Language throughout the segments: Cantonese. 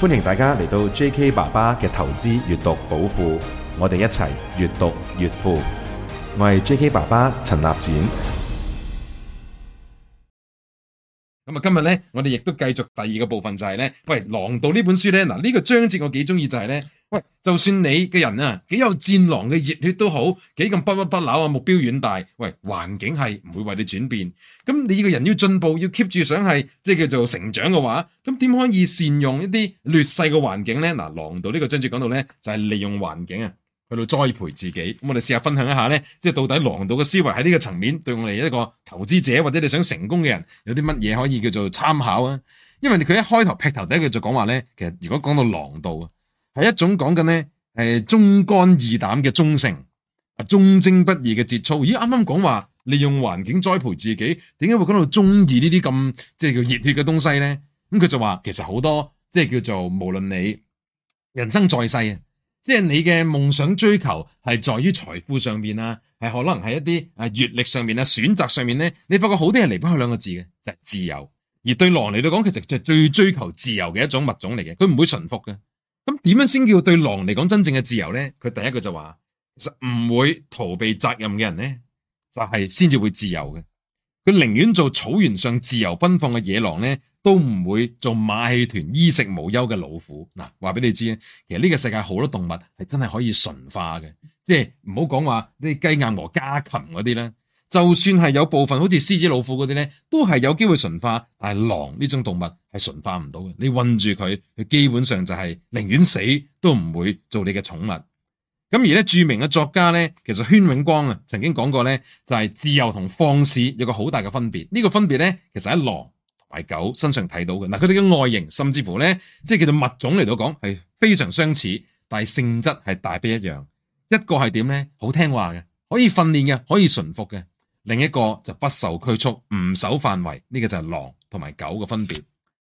歡迎大家嚟到 J.K. 爸爸嘅投資閱讀寶庫，我哋一齊越讀越富。我係 J.K. 爸爸陳立展。咁啊，今日呢，我哋亦都繼續第二個部分，就是，就係呢：「喂《狼道》呢本書呢？嗱、這、呢個章節我幾中意，就係呢。」喂，就算你嘅人啊，幾有戰狼嘅熱血都好，幾咁不屈不撓啊，目標遠大。喂，環境係唔會為你轉變。咁你呢個人要進步，要 keep 住想係，即係叫做成長嘅話，咁點可以善用一啲劣勢嘅環境咧？嗱、呃，狼道呢個章節講到咧，就係利用環境啊，去到栽培自己。咁我哋試下分享一下咧，即係到底狼道嘅思維喺呢個層面對我哋一個投資者或者你想成功嘅人有啲乜嘢可以叫做參考啊？因為佢一開頭劈頭第一句就講話咧，其實如果講到狼道啊。係一種講緊咧，誒，忠肝義膽嘅忠誠，啊，忠貞不二嘅節操。咦，啱啱講話利用環境栽培自己，點解會講到忠義呢啲咁，即係叫熱血嘅東西咧？咁佢就話，其實好多即係叫做無論你人生在世啊，即係你嘅夢想追求係在於財富上面啊，係可能係一啲誒閱歷上面啊，選擇上面咧，你發覺好多人離不開兩個字嘅，就係、是、自由。而對狼嚟到講，其實就係最追求自由嘅一種物種嚟嘅，佢唔會臣服嘅。咁點樣先叫對狼嚟講真正嘅自由呢？佢第一個就話，其實唔會逃避責任嘅人呢，就係先至會自由嘅。佢寧願做草原上自由奔放嘅野狼呢，都唔會做馬戲團衣食無憂嘅老虎。嗱、呃，話俾你知啊，其實呢個世界好多動物係真係可以馴化嘅，即係唔好講話啲雞鴨鵝家禽嗰啲啦。就算係有部分好似獅子老虎嗰啲咧，都係有機會馴化，但係狼呢種動物係馴化唔到嘅。你困住佢，佢基本上就係寧願死都唔會做你嘅寵物。咁而咧，著名嘅作家咧，其實軒永光啊曾經講過咧，就係自由同放肆有個好大嘅分別。呢個分別咧，其實喺狼同埋狗身上睇到嘅。嗱，佢哋嘅外形甚至乎咧，即係叫做物種嚟到講係非常相似，但係性質係大不一樣。一個係點咧？好聽話嘅，可以訓練嘅，可以馴服嘅。另一個就不受拘束，唔守範圍，呢個就係狼同埋狗嘅分別。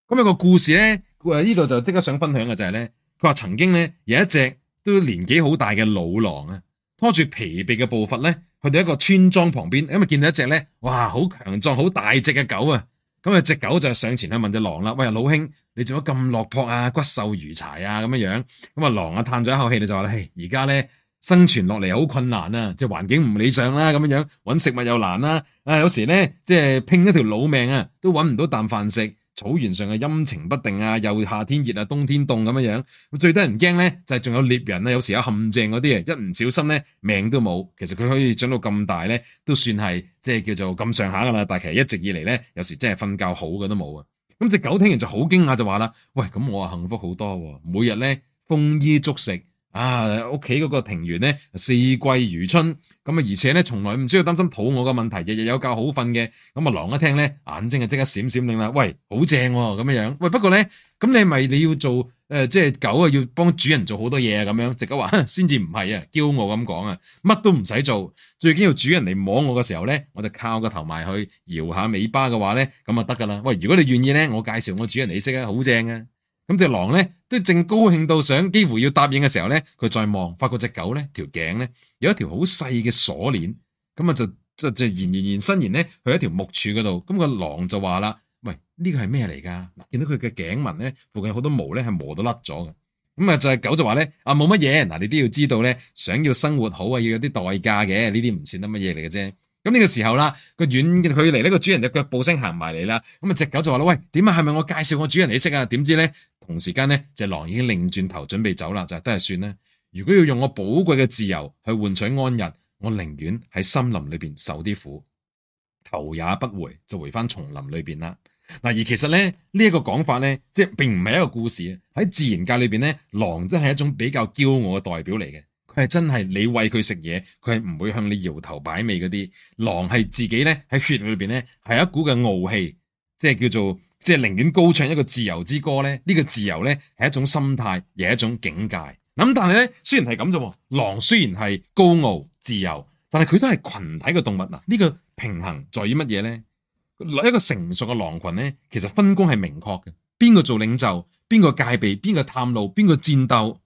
咁有個故事咧，誒呢度就即刻想分享嘅就係咧，佢話曾經咧有一隻都年紀好大嘅老狼啊，拖住疲憊嘅步伐咧，去到一個村莊旁邊，因為見到一隻咧，哇好強壯、好大隻嘅狗啊，咁啊隻狗就上前去問隻狼啦，喂啊老兄，你做乜咁落魄啊？骨瘦如柴啊咁樣樣，咁啊狼啊嘆咗一口氣，你就話咧，嘿而家咧。生存落嚟好困難啊！即係環境唔理想啦、啊，咁樣樣揾食物又難啦、啊。啊，有時咧即係拼一條老命啊，都揾唔到啖飯食。草原上嘅陰晴不定啊，又夏天熱啊，冬天凍咁樣樣。咁最得人驚咧就係、係、仲有獵人啊，有時有陷阱嗰啲啊，一唔小心咧命都冇。其實佢可以長到咁大咧，都算係即係叫做咁上下噶啦。但係其實一直以嚟咧，有時真係瞓覺好嘅都冇啊。咁隻狗聽完就好驚訝就話啦：喂，咁我啊幸福好多、啊，每日咧豐衣足食。啊！屋企嗰個庭園咧，四季如春，咁啊，而且咧，從來唔需要擔心肚餓嘅問題，日日有覺好瞓嘅。咁啊，狼一聽咧，眼睛啊即刻閃閃令啦。喂，好正喎，咁樣樣。喂，不過咧，咁你咪你要做誒、呃，即係狗啊，要幫主人做好多嘢啊，咁樣直講話，先至唔係啊，驕傲咁講啊，乜都唔使做，最緊要主人嚟摸我嘅時候咧，我就靠個頭埋去搖下尾巴嘅話咧，咁啊得噶啦。喂，如果你願意咧，我介紹我主人你識啊，好正啊！咁隻狼咧都正高興到想幾乎要答應嘅時候咧，佢再望，發覺隻狗咧條頸咧有一條好細嘅鎖鏈，咁啊就就就延然延伸延咧去一條木柱嗰度，咁個狼就話啦，喂，呢個係咩嚟噶？見到佢嘅頸紋咧，附近好多毛咧係磨到甩咗嘅。咁啊就係狗就話咧，啊冇乜嘢，嗱你都要知道咧，想要生活好啊要有啲代價嘅，呢啲唔算得乜嘢嚟嘅啫。咁呢個時候啦，個遠距離呢個主人嘅腳步聲行埋嚟啦，咁啊隻狗就話啦：喂，點啊？係咪我介紹我主人你識啊？點知咧，同時間咧隻狼已經擰轉頭準備走啦，就係都係算啦。如果要用我寶貴嘅自由去換取安逸，我寧願喺森林裏邊受啲苦，頭也不回就回翻叢林裏邊啦。嗱而其實咧呢一個講法咧，即係並唔係一個故事喺自然界裏邊咧，狼真係一種比較驕傲嘅代表嚟嘅。佢係真係你餵佢食嘢，佢係唔會向你搖頭擺尾嗰啲狼，係自己咧喺血裏邊咧係一股嘅傲氣，即係叫做即係寧願高唱一個自由之歌咧。呢、這個自由咧係一種心態，亦係一種境界。咁、嗯、但係咧，雖然係咁啫，狼雖然係高傲自由，但係佢都係群體嘅動物嗱。呢、這個平衡在於乜嘢咧？一個成熟嘅狼群咧，其實分工係明確嘅，邊個做領袖，邊個戒備，邊個探路，邊個戰鬥。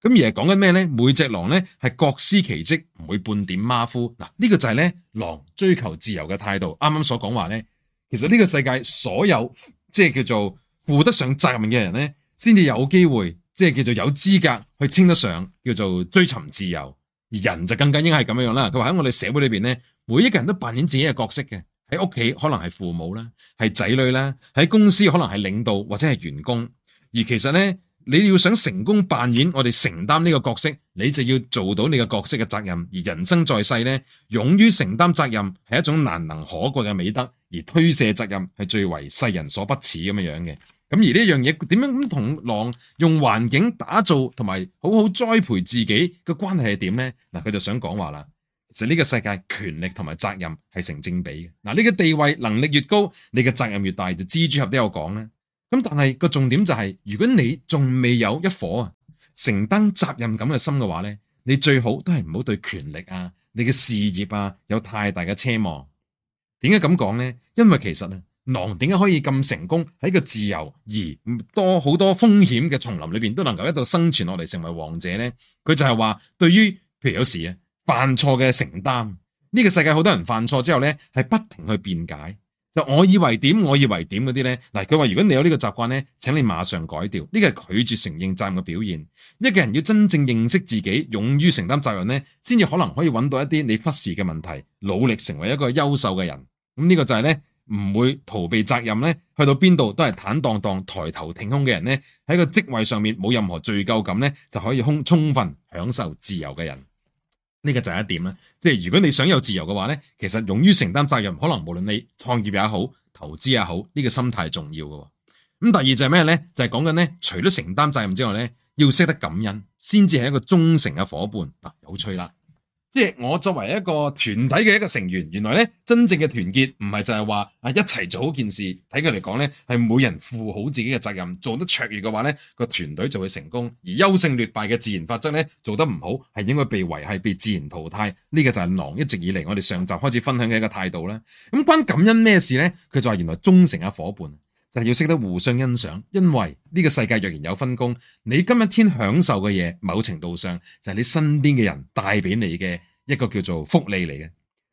咁而係講緊咩咧？每隻狼咧係各司其職，唔會半點馬虎。嗱，呢個就係咧狼追求自由嘅態度。啱啱所講話咧，其實呢個世界所有即係叫做負得上責任嘅人咧，先至有機會即係叫做有資格去稱得上叫做追尋自由。而人就更加應該係咁樣樣啦。佢話喺我哋社會裏邊咧，每一個人都扮演自己嘅角色嘅。喺屋企可能係父母啦，係仔女啦；喺公司可能係領導或者係員工。而其實咧。你要想成功扮演我哋承擔呢個角色，你就要做到你嘅角色嘅責任。而人生在世呢，勇於承擔責任係一種難能可貴嘅美德，而推卸責任係最為世人所不齒咁樣樣嘅。咁而呢樣嘢點樣同狼用環境打造同埋好好栽培自己嘅關係係點呢？嗱，佢就想講話啦，其實呢個世界權力同埋責任係成正比嘅。嗱，你嘅地位能力越高，你嘅責任越大。就蜘蛛俠都有講咧。咁但係個重點就係、是，如果你仲未有一顆啊承擔責任感嘅心嘅話呢，你最好都係唔好對權力啊、你嘅事業啊有太大嘅奢望。點解咁講呢？因為其實啊，狼點解可以咁成功喺個自由而多好多風險嘅叢林裏面都能夠一度生存落嚟，成為王者呢？佢就係話，對於譬如有時犯錯嘅承擔，呢、這個世界好多人犯錯之後呢係不停去辯解。我以為點？我以為點嗰啲呢？嗱，佢話如果你有呢個習慣呢，請你馬上改掉。呢個係拒絕承認責任嘅表現。一個人要真正認識自己，勇於承擔責任呢，先至可能可以揾到一啲你忽視嘅問題，努力成為一個優秀嘅人。咁、嗯、呢、呢個就係呢：唔會逃避責任呢，去到邊度都係坦蕩蕩、抬頭挺胸嘅人呢，喺個職位上面冇任何罪疚感呢，就可以充充分享受自由嘅人。呢個就係一點啦，即如果你想有自由嘅話咧，其實勇於承擔責任，可能無論你創業也好，投資也好，呢、這個心態重要嘅。咁第二就係咩呢？就係講緊咧，除咗承擔責任之外咧，要識得感恩，先至係一個忠誠嘅伙伴，啊、有趣啦～即係我作為一個團體嘅一個成員，原來咧真正嘅團結唔係就係話啊一齊做好件事，睇佢嚟講咧係每人負好自己嘅責任，做得卓越嘅話咧個團隊就會成功。而優勝劣敗嘅自然法則咧，做得唔好係應該被維繫，被自然淘汰。呢個就係狼一直以嚟我哋上集開始分享嘅一個態度啦。咁關感恩咩事咧？佢就話原來忠誠嘅夥伴。就係要識得互相欣賞，因為呢個世界若然有分工，你今日天享受嘅嘢，某程度上就係你身邊嘅人帶俾你嘅一個叫做福利嚟嘅。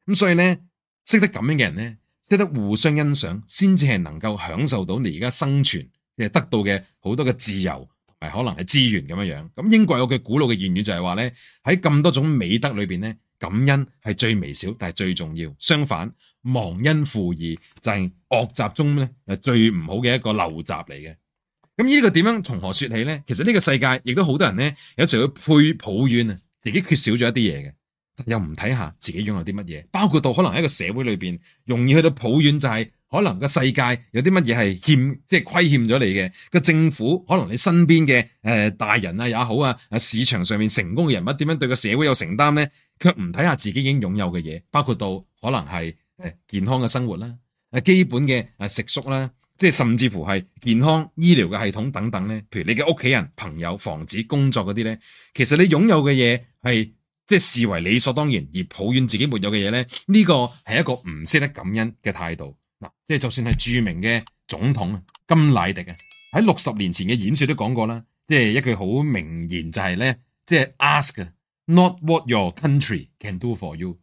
咁所以咧，識得咁樣嘅人咧，識得互相欣賞，先至係能夠享受到你而家生存即係得到嘅好多嘅自由同埋可能係資源咁樣樣。咁英國有句古老嘅諺語就係話咧，喺咁多種美德裏邊咧。感恩係最微小，但係最重要。相反，忘恩負義就係惡習中咧最唔好嘅一個陋習嚟嘅。咁呢個點樣從何說起咧？其實呢個世界亦都好多人咧，有時候去配抱怨啊，自己缺少咗一啲嘢嘅，又唔睇下自己擁有啲乜嘢。包括到可能喺個社會裏邊容易去到抱怨，就是，就係可能個世界有啲乜嘢係欠，即係虧欠咗你嘅個政府，可能你身邊嘅誒大人啊也好啊，啊市場上面成功嘅人物點樣對個社會有承擔咧？卻唔睇下自己已經擁有嘅嘢，包括到可能係誒健康嘅生活啦，誒基本嘅誒食宿啦，即係甚至乎係健康醫療嘅系統等等咧。譬如你嘅屋企人、朋友、房子、工作嗰啲咧，其實你擁有嘅嘢，係即係視為理所當然，而抱怨自己沒有嘅嘢咧，呢、呢個係一個唔識得感恩嘅態度。嗱，即係就算係著名嘅總統甘乃迪啊，喺六十年前嘅演說都講過啦，即係一句好名言就係、是、咧，即係 ask。Not what your country can do for you.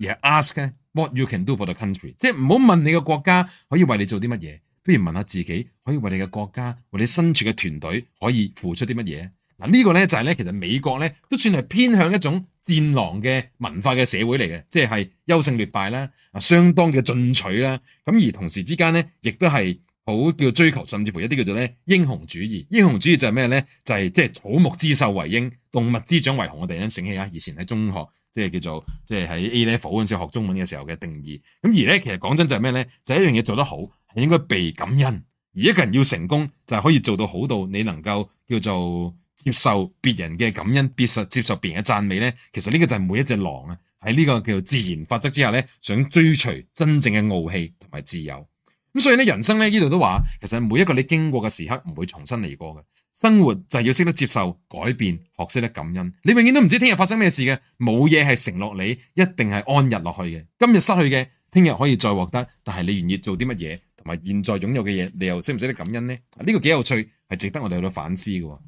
而係 ask what you can do for the country。即係唔好問你個國家可以為你做啲乜嘢，不如問下自己可以為你嘅國家、為你身處嘅團隊可以付出啲乜嘢。嗱，這個，呢個咧就係咧，其實美國咧都算係偏向一種戰狼嘅文化嘅社會嚟嘅，即係優勝劣敗啦，啊相當嘅進取啦，咁而同時之間咧亦都係。好叫追求，甚至乎一啲叫做咧英雄主義。英雄主義就係咩咧？就係即係草木之秀為英，動物之長為雄我。我哋咧醒起啊，以前喺中學即係、就是、叫做即係喺 A level 嗰陣時學中文嘅時候嘅定義。咁而咧，其實講真就係咩咧？就係、是、一樣嘢做得好係應該被感恩，而一個人要成功就係可以做到好到你能夠叫做接受別人嘅感恩，必須接受接受別人嘅讚美咧。其實呢個就係每一隻狼啊，喺呢個叫做自然法則之下咧，想追隨真正嘅傲氣同埋自由。咁所以咧，人生咧呢度都話，其實每一個你經過嘅時刻，唔會重新嚟過嘅。生活就係要識得接受改變，學識得感恩。你永遠都唔知聽日發生咩事嘅，冇嘢係承諾你一定係安逸落去嘅。今日失去嘅，聽日可以再獲得。但係你願意做啲乜嘢，同埋現在擁有嘅嘢，你又識唔識得感恩呢？呢、啊，呢個幾有趣，係值得我哋去到反思嘅。咁、啊、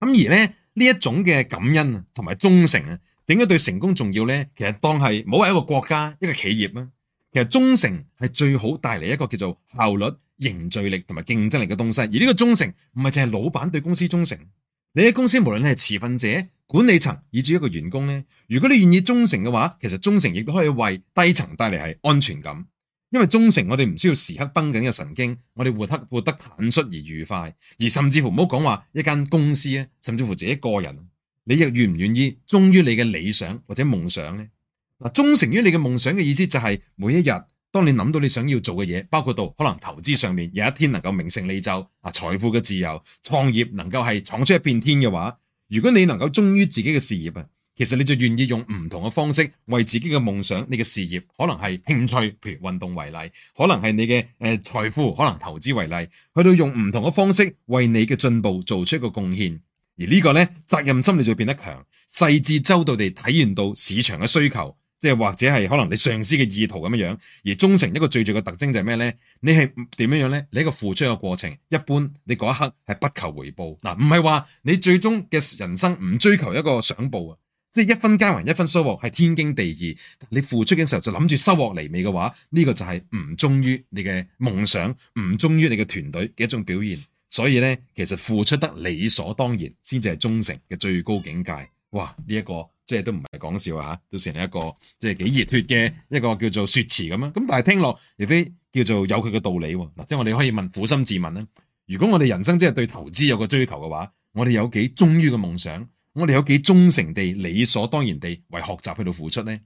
而咧呢一種嘅感恩同埋忠誠啊，點解、啊、對成功重要咧？其實當係，冇好係一個國家，一個企業啊。其實忠誠係最好帶嚟一個叫做效率，凝聚力同埋競爭力嘅東西。而呢個忠誠唔係淨係老闆對公司忠誠，你喺公司無論你係持份者、管理層以至於一個員工呢，如果你願意忠誠嘅話，其實忠誠亦都可以為低層帶嚟係安全感。因為忠誠，我哋唔需要時刻繃緊嘅神經，我哋活得活得坦率而愉快，而甚至乎唔好講話一間公司，甚至乎自己個人，你又願唔願意忠於你嘅理想或者夢想呢？忠誠於你嘅夢想嘅意思就係每一日，當你諗到你想要做嘅嘢，包括到可能投資上面，有一天能夠名成利就啊，財富嘅自由，創業能夠係闖出一片天嘅話，如果你能夠忠於自己嘅事業啊，其實你就願意用唔同嘅方式為自己嘅夢想、你嘅事業，可能係興趣，譬如運動為例，可能係你嘅誒財富，可能投資為例，去到用唔同嘅方式為你嘅進步做出一個貢獻，而呢個咧責任心你就變得強，細緻周到地體現到市場嘅需求。即係或者係可能你上司嘅意圖咁樣樣，而忠誠一個最重要嘅特徵就係咩咧？你係點樣樣咧？你一個付出嘅過程，一般你嗰一刻係不求回報嗱，唔係話你最終嘅人生唔追求一個想報啊！即係一分耕耘一分收穫係天經地義。你付出嘅時候就諗住收穫嚟未嘅話，呢個就係唔忠於你嘅夢想，唔忠於你嘅團隊嘅一種表現。所以咧，其實付出得理所當然先至係忠誠嘅最高境界。哇！呢一個。即係都唔係講笑吓，都算係一個即係幾熱血嘅一個叫做說辭咁樣。咁但係聽落亦非叫做有佢嘅道理。嗱，即係我哋可以問苦心自問咧。如果我哋人生真係對投資有個追求嘅話，我哋有幾忠於嘅夢想，我哋有幾忠誠地理所當然地為學習去到付出咧？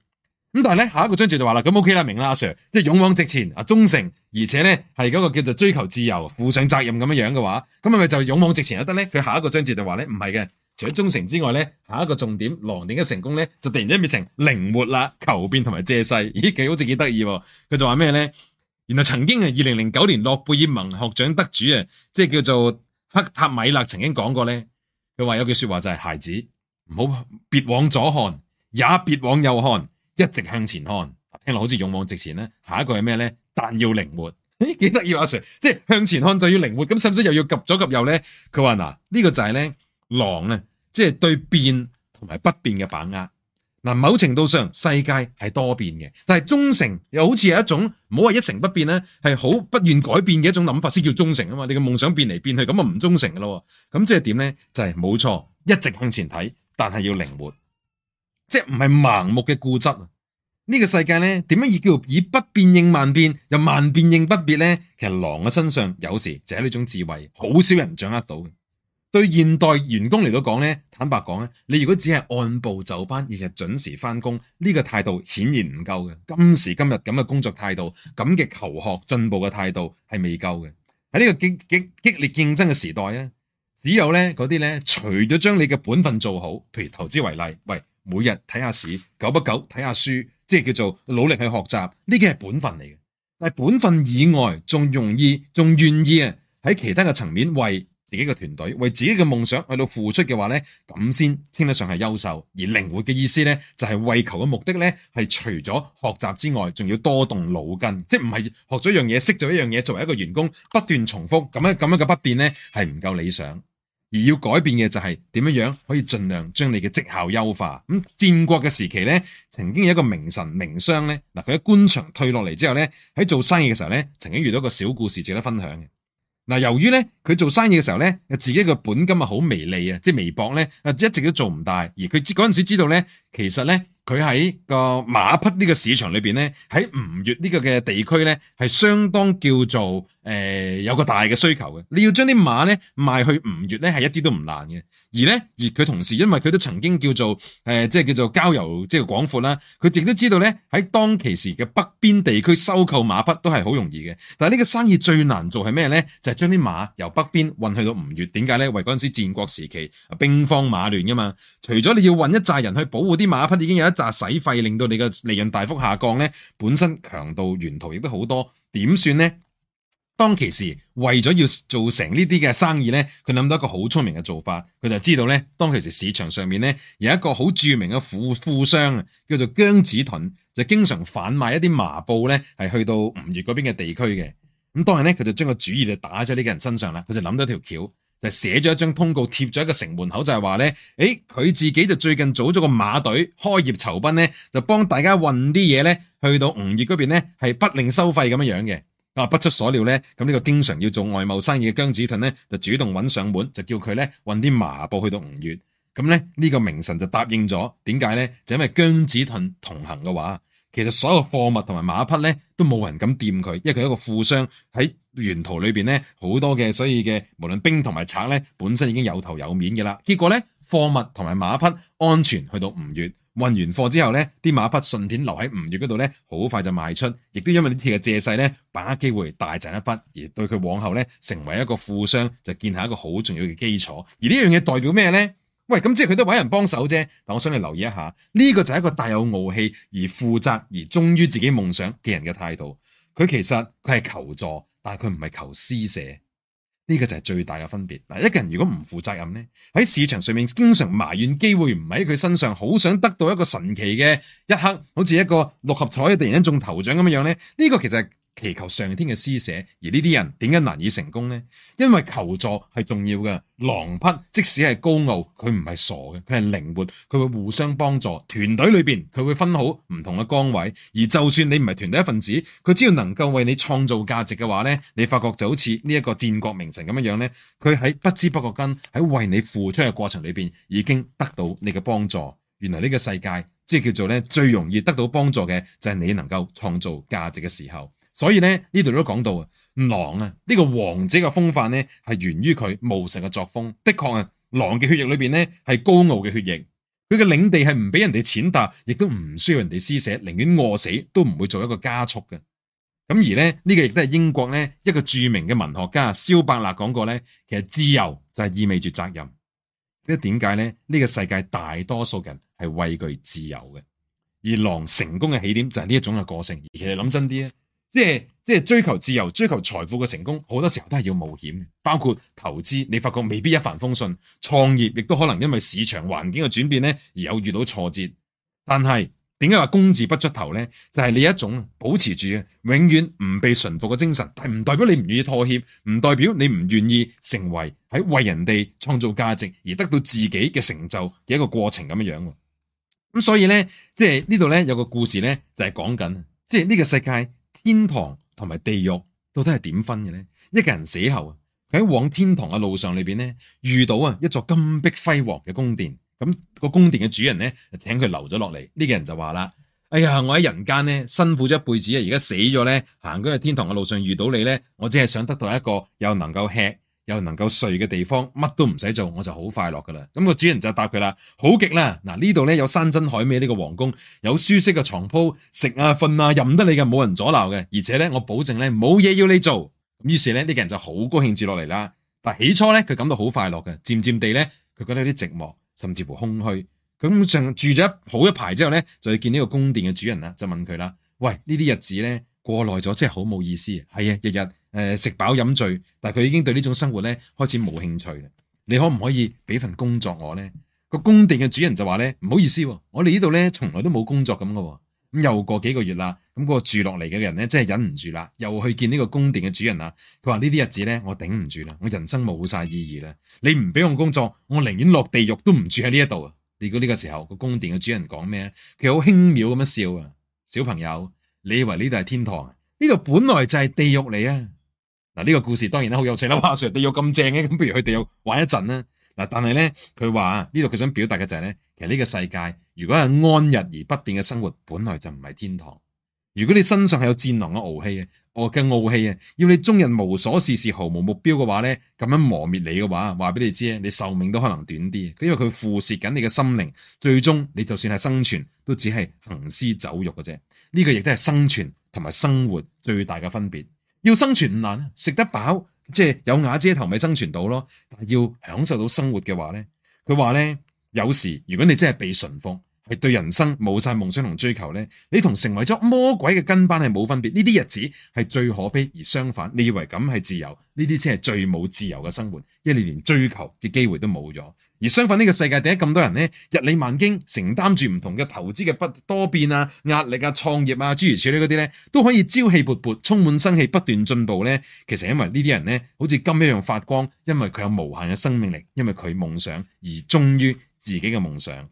咁但係咧，下一個章節就話啦，咁 OK 啦，明啦，阿 Sir，即係勇往直前啊，忠誠，而且咧係嗰個叫做追求自由、負上責任咁樣樣嘅話，咁係咪就勇往直前就得咧？佢下一個章節就話咧，唔係嘅。除咗忠誠之外咧，下一個重點，狼點嘅成功咧？就突然之間變成靈活啦、求變同埋借勢。咦，幾好似幾得意？佢就話咩咧？原來曾經啊，二零零九年諾貝爾文學獎得主啊，即係叫做克塔米勒曾經講過咧。佢話有句說話就係、是：孩子唔好別往左看，也別往右看，一直向前看。聽落好似勇往直前咧。下一個係咩咧？但要靈活，咦，幾得意阿 Sir 即係向前看就要靈活，咁甚至又要及左及右咧？佢話嗱，呢、這個就係咧狼咧、啊。即係對變同埋不變嘅把握。嗱，某程度上世界係多變嘅，但係忠誠又好似係一種唔好話一成不變咧，係好不願改變嘅一種諗法先叫忠誠啊嘛。你嘅夢想變嚟變去咁啊，唔忠誠嘅咯。咁、嗯、即係點咧？就係冇錯，一直向前睇，但係要靈活，即係唔係盲目嘅固執啊。呢、個世界咧點樣以叫以不變應萬變，又萬變應不變咧？其實狼嘅身上有時就係呢種智慧，好少人掌握到。對現代員工嚟到講咧，坦白講咧，你如果只係按部就班，而係準時翻工，呢個態度顯然唔夠嘅。今時今日咁嘅工作態度，咁嘅求學進步嘅態度係未夠嘅。喺呢個競競激烈競爭嘅時代啊，只有咧嗰啲咧，除咗將你嘅本分做好，譬如投資為例，喂，每日睇下市，久不久睇下書，即係叫做努力去學習，呢啲係本分嚟嘅。但係本分以外，仲容易，仲願意啊喺其他嘅層面為。自己嘅團隊為自己嘅夢想去到付出嘅話呢，咁先稱得上係優秀。而靈活嘅意思呢，就係、是、為求嘅目的呢，係除咗學習之外，仲要多動腦筋，即係唔係學咗一樣嘢，識咗一樣嘢，作為一個員工不斷重複咁樣咁樣嘅不變呢，係唔夠理想。而要改變嘅就係點樣樣可以盡量將你嘅績效優化。咁、嗯、戰國嘅時期呢，曾經有一個名臣、名商呢，嗱，佢喺官場退落嚟之後呢，喺做生意嘅時候呢，曾經遇到一個小故事值得分享嘅。嗱，由於咧佢做生意嘅時候咧，自己嘅本金啊好微利啊，即係微薄咧，啊一直都做唔大，而佢知嗰陣時知道咧，其實咧佢喺個馬匹呢個市場裏邊咧，喺吳越呢個嘅地區咧，係相當叫做，誒、呃，有個大嘅需求嘅，你要將啲馬咧賣去吳越咧，係一啲都唔難嘅。而咧，而佢同時，因為佢都曾經叫做誒，即、呃、係叫做交遊即係廣闊啦，佢亦都知道咧喺當其時嘅北邊地區收購馬匹都係好容易嘅。但係呢個生意最難做係咩咧？就係將啲馬由北邊運去到吳越。點解咧？為嗰陣時戰國時期兵荒馬亂噶嘛。除咗你要運一紮人去保護啲馬匹，已經有一紮使費，令到你嘅利潤大幅下降咧。本身強盜沿途亦都好多，點算咧？當其時，為咗要做成呢啲嘅生意呢，佢諗到一個好聰明嘅做法。佢就知道呢，當其時市場上面呢，有一個好著名嘅富富商啊，叫做姜子屯，就經常販賣一啲麻布呢係去到吳越嗰邊嘅地區嘅。咁當然呢，佢就將個主意就打咗呢個人身上啦。佢就諗到條橋，就寫咗一張通告，貼咗一個城門口，就係話呢誒，佢自己就最近組咗個馬隊，開業酬賓呢就幫大家運啲嘢呢去到吳越嗰邊呢，係不另收費咁樣樣嘅。啊！不出所料咧，咁、這、呢個經常要做外貿生意嘅姜子盾咧，就主動揾上門，就叫佢咧運啲麻布去到吳越。咁咧呢、這個明神就答應咗。點解呢？就因為姜子盾同行嘅話，其實所有貨物同埋馬匹咧都冇人敢掂佢，因為佢係一個富商，喺沿途裏邊咧好多嘅，所以嘅無論兵同埋賊咧本身已經有頭有面嘅啦。結果咧貨物同埋馬匹安全去到吳越。運完貨之後咧，啲馬匹順便留喺吳月嗰度咧，好快就賣出，亦都因為呢次嘅借勢咧，把握機會大賺一筆，而對佢往後咧成為一個富商就建立一個好重要嘅基礎。而呢樣嘢代表咩咧？喂，咁即係佢都揾人幫手啫。但我想你留意一下，呢、這個就係一個帶有傲氣而負責而忠於自己夢想嘅人嘅態度。佢其實佢係求助，但係佢唔係求施捨。呢個就係最大嘅分別。一個人如果唔負責任咧，喺市場上面經常埋怨機會唔喺佢身上，好想得到一個神奇嘅一刻，好似一個六合彩突然間中頭獎咁樣咧，呢、呢個其實祈求上天嘅施捨，而呢啲人點解難以成功呢？因為求助係重要嘅。狼匹即使係高傲，佢唔係傻嘅，佢係靈活，佢會互相幫助。團隊裏邊佢會分好唔同嘅崗位，而就算你唔係團隊一份子，佢只要能夠為你創造價值嘅話呢，你發覺就好似呢一個戰國名臣咁樣樣呢，佢喺不知不覺間喺為你付出嘅過程裏邊，已經得到你嘅幫助。原來呢個世界即係叫做呢最容易得到幫助嘅就係你能夠創造價值嘅時候。所以咧呢度都講到啊，狼啊呢個王者嘅風範咧係源於佢無常嘅作風。的確啊，狼嘅血液裏邊咧係高傲嘅血液，佢嘅領地係唔俾人哋踐踏，亦都唔需要人哋施捨，寧願餓死都唔會做一個加速嘅。咁而咧呢個亦都係英國咧一個著名嘅文學家蕭伯納講過咧，其實自由就係意味住責任。呢點解咧？呢個世界大多數人係畏懼自由嘅，而狼成功嘅起點就係呢一種嘅個性。而其實諗真啲咧。即係即係追求自由，追求財富嘅成功，好多時候都係要冒險嘅。包括投資，你發覺未必一帆風順；創業亦都可能因為市場環境嘅轉變咧，而有遇到挫折。但係點解話工字不出頭呢？就係、是、你一種保持住永遠唔被馴服嘅精神，但係唔代表你唔願意妥協，唔代表你唔願意成為喺為人哋創造價值而得到自己嘅成就嘅一個過程咁樣樣。咁所以呢，即係呢度呢，有個故事呢，就係講緊即係呢個世界。天堂同埋地獄到底係點分嘅呢？一個人死後啊，佢喺往天堂嘅路上裏邊咧，遇到啊一座金碧輝煌嘅宮殿，咁個宮殿嘅主人咧就請佢留咗落嚟。呢個人就話啦：哎呀，我喺人間咧辛苦咗一輩子啊，而家死咗咧，行嗰去天堂嘅路上遇到你咧，我只係想得到一個又能夠吃。有能夠睡嘅地方，乜都唔使做，我就好快樂噶啦。咁個主人就答佢啦：好極啦！嗱，呢度咧有山珍海味，呢個皇宮，有舒適嘅床鋪，食啊、瞓啊，任得你嘅，冇人阻撓嘅。而且咧，我保證咧冇嘢要你做。於是咧，呢個人就好高興住落嚟啦。但起初咧，佢感到好快樂嘅，漸漸地咧，佢覺得有啲寂寞，甚至乎空虛。咁上住咗好一排之後咧，就去見呢個宮殿嘅主人啦，就問佢啦：喂，呢啲日子咧過耐咗，真係好冇意思。係啊，日日。誒，食飽飲醉，但係佢已經對呢種生活咧開始冇興趣啦。你可唔可以俾份工作我咧？個宮殿嘅主人就話咧，唔好意思，我哋呢度咧從來都冇工作咁噶。咁又過幾個月啦，咁、嗰個住落嚟嘅人咧，真係忍唔住啦，又去見呢個宮殿嘅主人啊。佢話呢啲日子咧，我頂唔住啦，我人生冇晒意義啦。你唔俾我工作，我寧願落地獄都唔住喺呢一度。你估呢個時候個宮殿嘅主人講咩？佢好輕蔑咁樣笑啊，小朋友，你以為呢度係天堂？呢度本來就係地獄嚟啊！嗱呢個故事當然咧好有趣啦，話説你又咁正嘅，咁不如佢哋又玩一陣啦。嗱，但係咧佢話呢度佢想表達嘅就係咧，其實呢個世界，如果係安逸而不變嘅生活，本來就唔係天堂。如果你身上係有戰狼嘅傲氣啊，我嘅傲氣啊，要你終日無所事事、毫無目標嘅話咧，咁樣磨滅你嘅話，話俾你知咧，你壽命都可能短啲。因為佢腐蝕緊你嘅心靈，最終你就算係生存，都只係行屍走肉嘅啫。呢個亦都係生存同埋生活最大嘅分別。要生存唔難啊，食得飽即係有瓦遮頭，咪生存到咯。但係要享受到生活嘅話咧，佢話咧，有時如果你真係被馴服。係對人生冇晒夢想同追求呢，你同成為咗魔鬼嘅跟班係冇分別。呢啲日子係最可悲，而相反，你以為咁係自由，呢啲先係最冇自由嘅生活，因為你連追求嘅機會都冇咗。而相反，呢、呢個世界第一咁多人呢，日理萬機，承擔住唔同嘅投資嘅不多變啊、壓力啊、創業啊諸如此類嗰啲呢，都可以朝氣勃勃、充滿生氣、不斷進步呢。其實因為呢啲人呢，好似金一樣發光，因為佢有無限嘅生命力，因為佢夢想而忠於自己嘅夢想。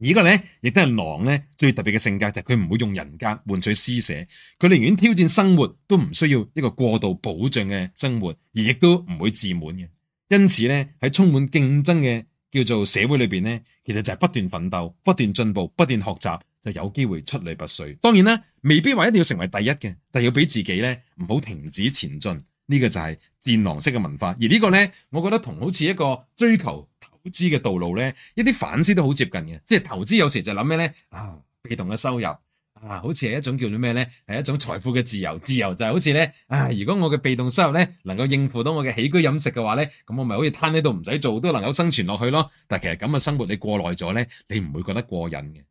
而個咧，亦都係狼咧最特別嘅性格，就係佢唔會用人格換取施捨。佢寧願挑戰生活，都唔需要一個過度保障嘅生活，而亦都唔會自滿嘅。因此咧，喺充滿競爭嘅叫做社會裏邊咧，其實就係不斷奮鬥、不斷進步、不斷學習，就有機會出類拔萃。當然啦，未必話一定要成為第一嘅，但係要俾自己咧唔好停止前進。呢、呢個就係戰狼式嘅文化。而個呢個咧，我覺得同好似一個追求。投資嘅道路咧，一啲反思都好接近嘅，即係投資有時就諗咩咧？啊，被動嘅收入啊，好似係一種叫做咩咧？係一種財富嘅自由，自由就係好似咧，啊，如果我嘅被動收入咧能夠應付到我嘅起居飲食嘅話咧，咁我咪好似攤喺度唔使做，都能夠生存落去咯。但其實咁嘅生活你過耐咗咧，你唔會覺得過癮嘅。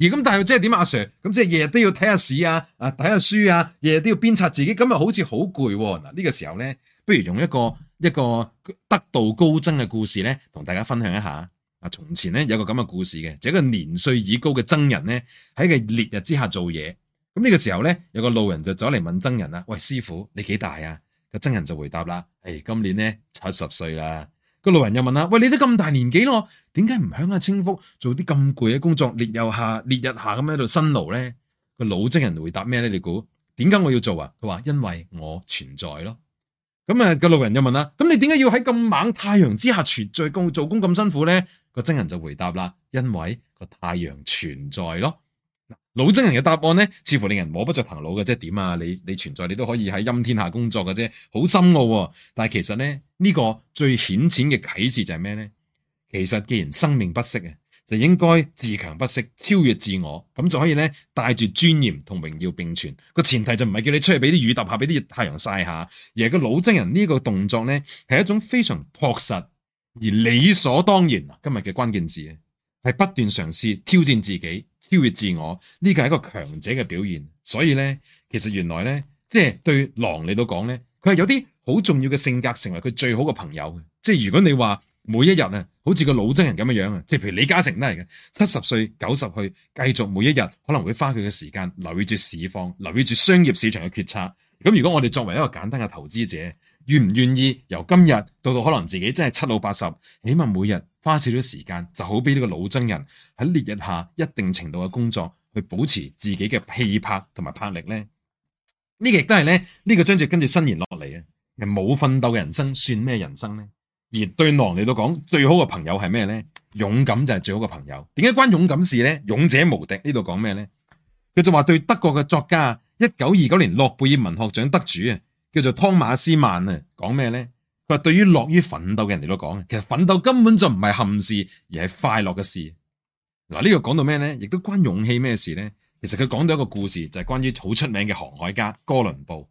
而咁但係即係點阿 Sir？咁即係日日都要睇下市啊，啊睇下書啊，日、啊啊啊啊、日都要鞭策自己，咁又好似好攰嗱。呢、啊呢個時候咧，不如用一個。一個得道高僧嘅故事咧，同大家分享一下。啊，從前咧，有個咁嘅故事嘅，就係、一個年歲已高嘅僧人咧，喺個烈日之下做嘢。咁呢個時候咧，有個路人就走嚟問僧人啦：，喂，師傅，你幾大啊？個僧人就回答啦：，誒、哎，今年咧七十歲啦。個路人又問啦：，喂，你都咁大年紀咯，點解唔享下清福，做啲咁攰嘅工作？烈日下、烈日下咁喺度辛勞咧？個老僧人回答咩咧？你估點解我要做啊？佢話：因為我存在咯。咁啊，個路人就問啦：，咁你點解要喺咁猛太陽之下存在工，做工咁辛苦咧？個僧人就回答啦：，因為個太陽存在咯。老僧人嘅答案咧，似乎令人摸不着頭腦嘅，即係點啊？你你存在，你都可以喺陰天下工作嘅啫，好深奧、哦。但係其實咧，呢、這個最顯淺嘅啟示就係咩咧？其實既然生命不息嘅。就應該自強不息，超越自我，咁就可以咧，帶住尊嚴同榮耀並存。個前提就唔係叫你出去俾啲雨揼下，俾啲太陽曬下，而係個老僧人呢個動作咧係一種非常樸實而理所當然。今日嘅關鍵字係不斷嘗試挑戰自己，超越自我呢個係一個強者嘅表現。所以咧，其實原來咧，即係對狼嚟到講咧，佢係有啲好重要嘅性格成為佢最好嘅朋友。即係如果你話。每一日啊，好似個老僧人咁樣樣啊，即係譬如李嘉誠都係嘅，七十歲、九十歲繼續每一日，可能會花佢嘅時間留意住市況，留意住商業市場嘅決策。咁如果我哋作為一個簡單嘅投資者，願唔願意由今日到到可能自己真係七老八十，起碼每日花少少時間，就好俾呢個老僧人喺烈日下一定程度嘅工作，去保持自己嘅氣魄同埋魄力呢？這個、呢亦都係咧呢個章節跟住伸延落嚟啊！冇奮鬥嘅人生算咩人生呢？而對狼嚟到講，最好嘅朋友係咩咧？勇敢就係最好嘅朋友。點解關勇敢事咧？勇者無敵呢度講咩咧？佢就話對德國嘅作家一九二九年諾貝爾文學獎得主啊，叫做湯馬斯曼啊，講咩咧？佢話對於樂於奮鬥嘅人嚟到講，其實奮鬥根本就唔係憾事，而係快樂嘅事。嗱，呢度講到咩咧？亦都關勇氣咩事咧？其實佢講到一個故事，就係、是、關於好出名嘅航海家哥倫布。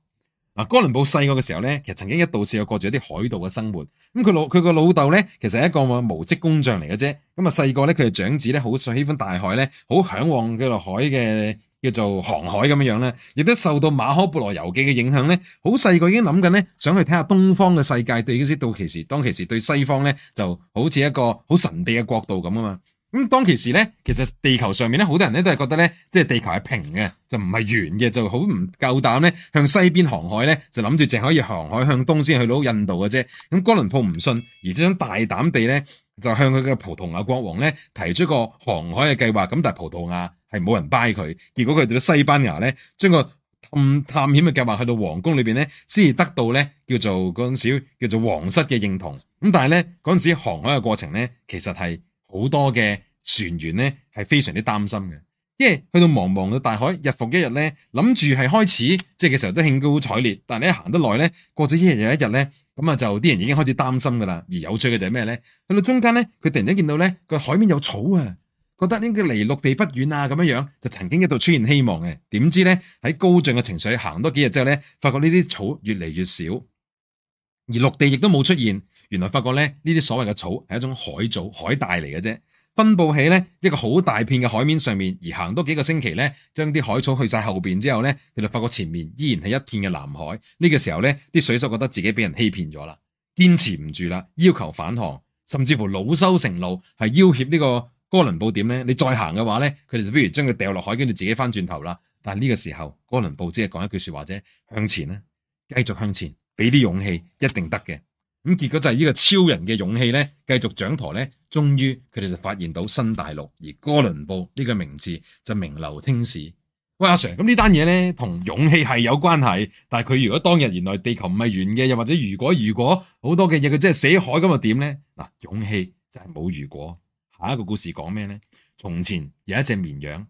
啊、哥倫布細個嘅時候咧，其實曾經一度試過過住一啲海盜嘅生活。咁、嗯、佢老佢個老豆咧，其實係一個話無職工匠嚟嘅啫。咁啊，細個咧佢嘅長子咧，好喜歡大海咧，好向往佢落海嘅叫做航海咁樣樣咧。亦都受到馬可波羅遊記嘅影響咧，好細個已經諗緊咧，想去睇下東方嘅世界。對，即使到其時當其時對西方咧，就好似一個好神秘嘅國度咁啊嘛。咁當其時咧，其實地球上面咧，好多人咧都係覺得咧，即係地球係平嘅，就唔係圓嘅，就好唔夠膽咧向西邊航海咧，就諗住淨可以航海向東先去到印度嘅啫。咁哥倫布唔信，而且想大膽地咧，就向佢嘅葡萄牙國王咧提出個航海嘅計劃。咁但係葡萄牙係冇人拜佢，結果佢哋到西班牙咧，將個探探險嘅計劃去到皇宮裏邊咧，先至得到咧叫做嗰陣時叫做皇室嘅認同。咁但係咧嗰陣時航海嘅過程咧，其實係。好多嘅船員咧，係非常之擔心嘅，因、yeah, 為去到茫茫嘅大海，日復一日咧，諗住係開始即係其實都興高采烈，但係你行得耐咧，過咗一日又一日咧，咁啊就啲人已經開始擔心噶啦。而有趣嘅就係咩咧？去到中間咧，佢突然間見到咧佢海面有草啊，覺得應該離陸地不遠啊，咁樣樣就曾經一度出現希望嘅。點知咧喺高漲嘅情緒行多幾日之後咧，發覺呢啲草越嚟越少，而陸地亦都冇出現。原來發覺呢，呢啲所謂嘅草係一種海藻、海帶嚟嘅啫，分布喺呢一個好大片嘅海面上面。而行多幾個星期呢，將啲海草去晒後邊之後呢，佢就發覺前面依然係一片嘅藍海。呢個時候呢，啲水手覺得自己俾人欺騙咗啦，堅持唔住啦，要求返航，甚至乎惱羞成怒，係要挾呢個哥倫布點呢？你再行嘅話呢，佢哋就不如將佢掉落海，跟住自己翻轉頭啦。但呢個時候，哥倫布只係講一句說話啫，向前啦，繼續向前，俾啲勇氣，一定得嘅。咁結果就係呢個超人嘅勇氣咧，繼續掌舵咧，終於佢哋就發現到新大陸，而哥倫布呢個名字就名留青史。喂阿、啊、Sir，咁呢單嘢咧同勇氣係有關係，但係佢如果當日原來地球唔係圓嘅，又或者如果如果好多嘅嘢佢即係死海，又點咧？嗱，勇氣就係冇如果。下一個故事講咩咧？從前有一隻綿羊，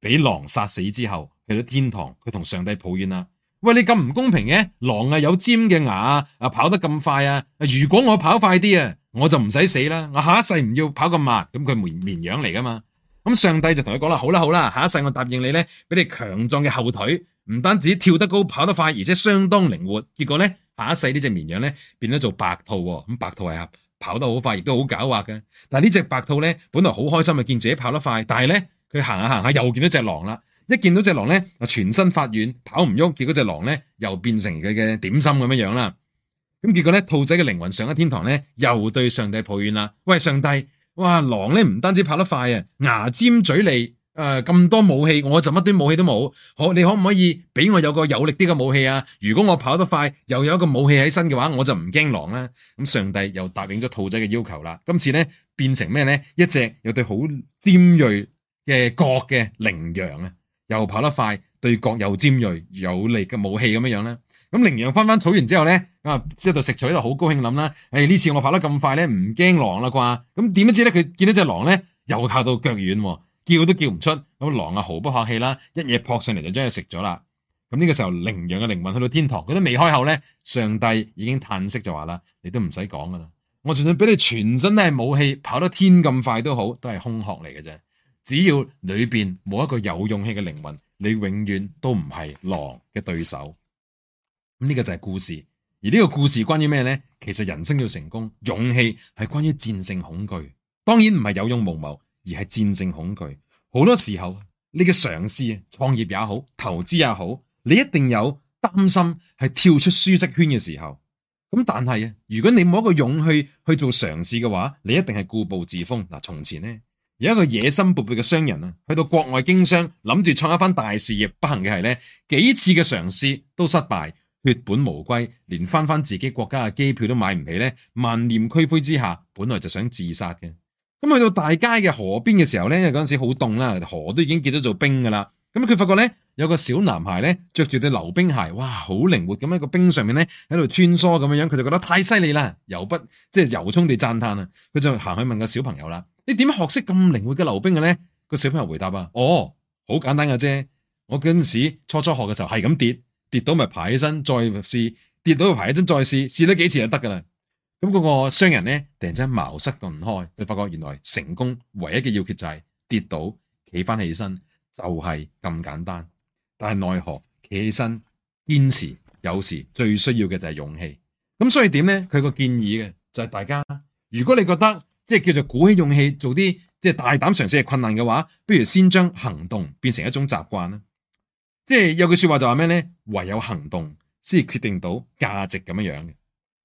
俾狼殺死之後，去到天堂佢同上帝抱怨啦。喂，你咁唔公平嘅，狼啊有尖嘅牙啊，跑得咁快啊！如果我跑快啲啊，我就唔使死啦。我下一世唔要跑咁慢，咁佢綿綿羊嚟噶嘛？咁、嗯、上帝就同佢講啦，好啦好啦，下一世我答應你咧，俾你強壯嘅後腿，唔單止跳得高、跑得快，而且相當靈活。結果咧，下一世隻綿呢隻綿羊咧變咗做白兔，咁白兔係啊跑得好快，亦都好狡猾嘅。但係呢隻白兔咧，本來好開心嘅，見自己跑得快，但係咧佢行下行下又見到隻狼啦。一見到隻狼咧，啊，全身發軟，跑唔喐。結果隻狼咧又變成佢嘅點心咁樣樣啦。咁結果咧，兔仔嘅靈魂上咗天堂咧，又對上帝抱怨啦。喂，上帝，哇，狼咧唔單止跑得快啊，牙尖嘴利，誒、呃，咁多武器，我就乜啲武器都冇。可你可唔可以俾我有個有力啲嘅武器啊？如果我跑得快，又有一個武器喺身嘅話，我就唔驚狼啦。咁上帝又答應咗兔仔嘅要求啦。今次咧變成咩咧？一隻有對好尖銳嘅角嘅羚羊啊！又跑得快，對角又尖銳有力嘅武器咁樣樣咧，咁羚羊翻翻草原之後咧，啊，即係度食度好高興諗啦，誒、哎，呢次我跑得咁快咧，唔驚狼啦啩，咁點知咧，佢見到隻狼咧，又靠到腳軟，叫都叫唔出，咁狼啊毫不客氣啦，一嘢撲上嚟就將佢食咗啦，咁呢個時候，羚羊嘅靈魂去到天堂，佢都未開口咧，上帝已經嘆息就話啦，你都唔使講㗎啦，我純粹俾你全身都係武器，跑得天咁快都好，都係空殼嚟嘅啫。只要裏邊冇一個有勇氣嘅靈魂，你永遠都唔係狼嘅對手。咁呢個就係故事，而呢個故事關於咩呢？其實人生要成功，勇氣係關於戰勝恐懼。當然唔係有勇無謀，而係戰勝恐懼。好多時候，你嘅嘗試、創業也好、投資也好，你一定有擔心係跳出舒適圈嘅時候。咁但係如果你冇一個勇氣去做嘗試嘅話，你一定係固步自封。嗱，從前呢。有一個野心勃勃嘅商人啊，去到國外經商，諗住創一番大事業。不幸嘅係咧，幾次嘅嘗試都失敗，血本無歸，連翻翻自己國家嘅機票都買唔起咧。萬念俱灰之下，本來就想自殺嘅。咁去到大街嘅河邊嘅時候咧，因為嗰陣時好凍啦，河都已經結咗做冰噶啦。咁佢發覺咧，有個小男孩咧，着住對溜冰鞋，哇，好靈活咁喺個冰上面咧，喺度穿梭咁樣樣，佢就覺得太犀利啦，由不，即係由衷地讚嘆啊。佢就行去問個小朋友啦。你點樣學識咁靈活嘅溜冰嘅咧？個小朋友回答啊，哦，好簡單㗎啫。我嗰陣時初初學嘅時候係咁跌，跌到咪爬起身再試，跌到又爬起身再試，試咗幾次就得噶啦。咁嗰個商人咧，突然之間茅塞頓開，佢發覺原來成功唯一嘅要訣就係跌倒，企翻起身就係咁簡單。但係奈何企起身堅持，有時最需要嘅就係勇氣。咁所以點咧？佢個建議嘅就係大家，如果你覺得，即係叫做鼓起勇氣做啲即係大膽嘗試嘅困難嘅話，不如先將行動變成一種習慣啦。即係有句說話就話咩咧？唯有行動先決定到價值咁樣樣嘅。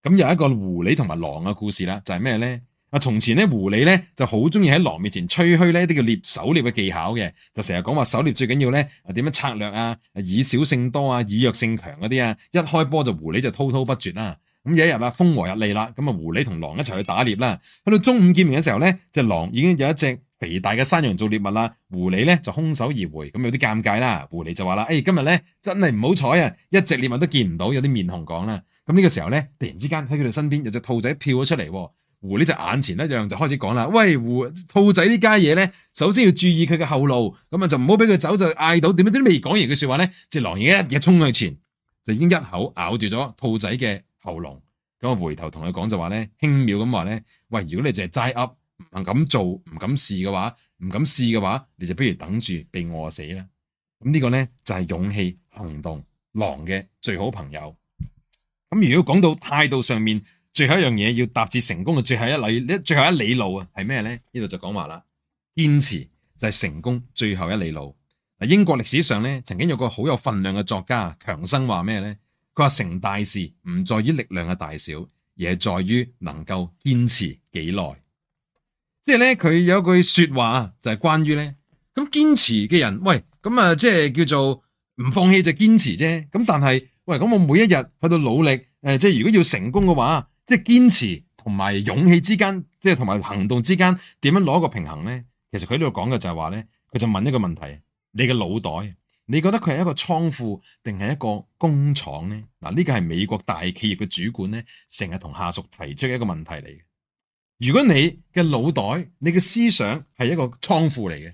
咁有一個狐狸同埋狼嘅故事啦，就係咩咧？啊，從前咧，狐狸咧就好中意喺狼面前吹噓咧啲叫獵、狩獵嘅技巧嘅，就成日講話狩獵最緊要咧啊點樣策略啊，以少勝多啊，以弱勝強嗰啲啊，一開波就狐狸就滔滔不絕啦、啊。咁有一日啦，風和日麗啦，咁啊狐狸同狼一齊去打獵啦。去到中午見面嘅時候咧，隻狼已經有一隻肥大嘅山羊做獵物啦。狐狸咧就空手而回，咁有啲尷尬啦。狐狸就話啦：，誒、欸、今日咧真係唔好彩啊，一隻獵物都見唔到，有啲面紅講啦。咁呢個時候咧，突然之間喺佢哋身邊有隻兔仔跳咗出嚟，狐狸就眼前一亮就開始講啦：，喂狐，兔仔呢家嘢咧，首先要注意佢嘅後路，咁啊就唔好俾佢走就嗌到，點解都未講完佢説話咧？隻狼已經一嘢衝上前，就已經一口咬住咗兔仔嘅。喉嚨咁，我回頭同佢講就話咧，輕妙咁話咧，喂，如果你淨係齋噏，唔敢做，唔敢試嘅話，唔敢試嘅話，你就不如等住被餓死啦。咁呢個咧就係勇氣行動狼嘅最好朋友。咁如果講到態度上面，最後一樣嘢要達至成功嘅最後一里，最後一里路啊，係咩咧？呢度就講話啦，堅持就係成功最後一里路。嗱，英國歷史上咧，曾經有個好有分量嘅作家，強生話咩咧？佢話成大事唔在於力量嘅大小，而係在於能夠堅持幾耐。即係咧，佢有一句說話就係關於咧，咁堅持嘅人，喂，咁啊，即係叫做唔放棄就堅持啫。咁但係，喂，咁我每一日喺度努力，誒、呃，即係如果要成功嘅話，即係堅持同埋勇氣之間，即係同埋行動之間，點樣攞個平衡咧？其實佢呢度講嘅就係話咧，佢就問一個問題：你嘅腦袋？你覺得佢係一個倉庫定係一個工廠呢？嗱，呢個係美國大企業嘅主管咧，成日同下屬提出一個問題嚟。如果你嘅腦袋，你嘅思想係一個倉庫嚟嘅，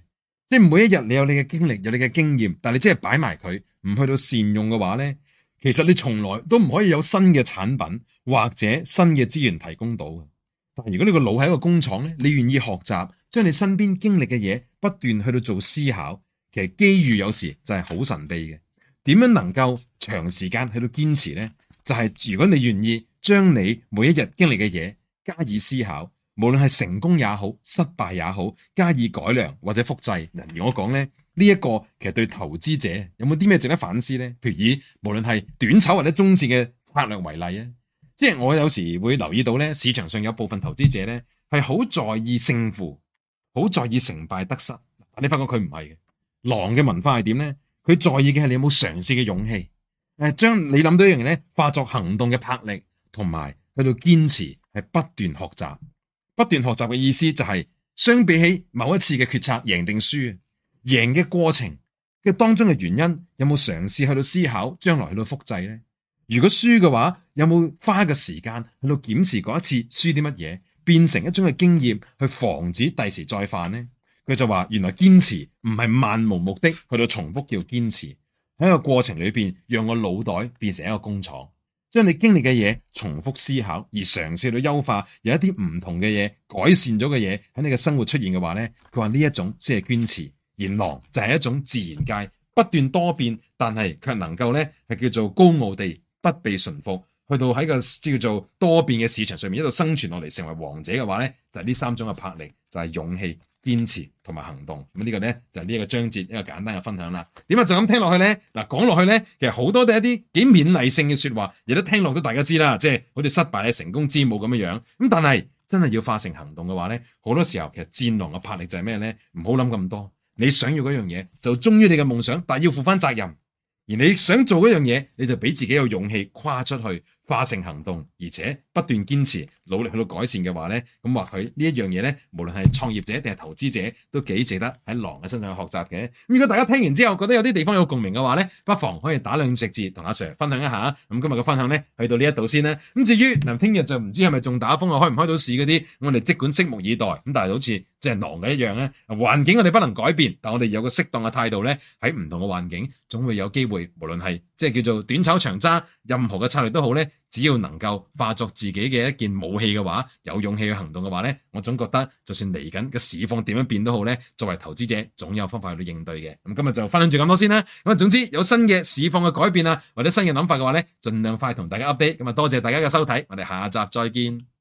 即係每一日你有你嘅經歷、有你嘅經驗，但係你即係擺埋佢，唔去到善用嘅話咧，其實你從來都唔可以有新嘅產品或者新嘅資源提供到。但係如果你個腦係一個工廠咧，你願意學習，將你身邊經歷嘅嘢不斷去到做思考。其實機遇有時就係好神秘嘅，點樣能夠長時間喺度堅持呢？就係、是、如果你願意將你每一日經歷嘅嘢加以思考，無論係成功也好，失敗也好，加以改良或者複製。嗱，如我講咧呢一個其實對投資者有冇啲咩值得反思呢？譬如以無論係短炒或者中綫嘅策略為例啊，即係我有時會留意到呢市場上有部分投資者呢係好在意勝負，好在意成敗得失。你發覺佢唔係嘅。狼嘅文化係點呢？佢在意嘅係你有冇嘗試嘅勇氣，誒，將你諗到一樣嘢咧，化作行動嘅魄力，同埋喺度堅持，係不斷學習。不斷學習嘅意思就係，相比起某一次嘅決策贏定輸，贏嘅過程嘅當中嘅原因，有冇嘗試去到思考將來去到複製呢？如果輸嘅話，有冇花嘅時間去到檢視嗰一次輸啲乜嘢，變成一種嘅經驗去防止第時再犯呢？佢就話：原來堅持唔係漫無目的去到重複叫堅持，喺個過程裏邊，讓我腦袋變成一個工廠，將你經歷嘅嘢重複思考而嘗試到優化，有一啲唔同嘅嘢改善咗嘅嘢喺你嘅生活出現嘅話呢，佢話呢一種先係堅持。而狼就係一種自然界不斷多變，但係卻能夠呢係叫做高傲地不被馴服，去到喺個叫做多變嘅市場上面一路生存落嚟成為王者嘅話呢就係、是、呢三種嘅魄力，就係、是、勇氣。堅持同埋行動，咁呢個呢，就係呢一個章節一個簡單嘅分享啦。點解就咁聽落去呢？嗱講落去呢，其實好多都係一啲幾勉勵性嘅說話，亦都聽落都大家知啦，即係好似失敗係成功之母咁樣樣。咁但係真係要化成行動嘅話呢，好多時候其實戰狼嘅魄力就係咩呢？唔好諗咁多，你想要嗰樣嘢就忠於你嘅夢想，但係要負翻責任。而你想做嗰樣嘢，你就俾自己有勇氣跨出去，化成行動，而且。不斷堅持努力去到改善嘅話呢，咁或許呢一樣嘢呢，無論係創業者定係投資者，都幾值得喺狼嘅身上去學習嘅。如果大家聽完之後覺得有啲地方有共鳴嘅話呢，不妨可以打兩隻字同阿 Sir 分享一下。咁今日嘅分享呢，去到呢一度先啦。咁至於嗱，聽日就唔知係咪仲打風啊？開唔開到市嗰啲，我哋即管拭目以待。咁但係好似即係狼嘅一樣咧，環境我哋不能改變，但我哋有個適當嘅態度呢，喺唔同嘅環境總會有機會。無論係即係叫做短炒長揸，任何嘅策略都好呢，只要能夠化作。自己嘅一件武器嘅話，有勇氣去行動嘅話咧，我總覺得就算嚟緊嘅市況點樣變都好咧，作為投資者總有方法去應對嘅。咁今日就分享住咁多先啦。咁啊，總之有新嘅市況嘅改變啊，或者新嘅諗法嘅話咧，盡量快同大家 update。咁啊，多謝大家嘅收睇，我哋下集再見。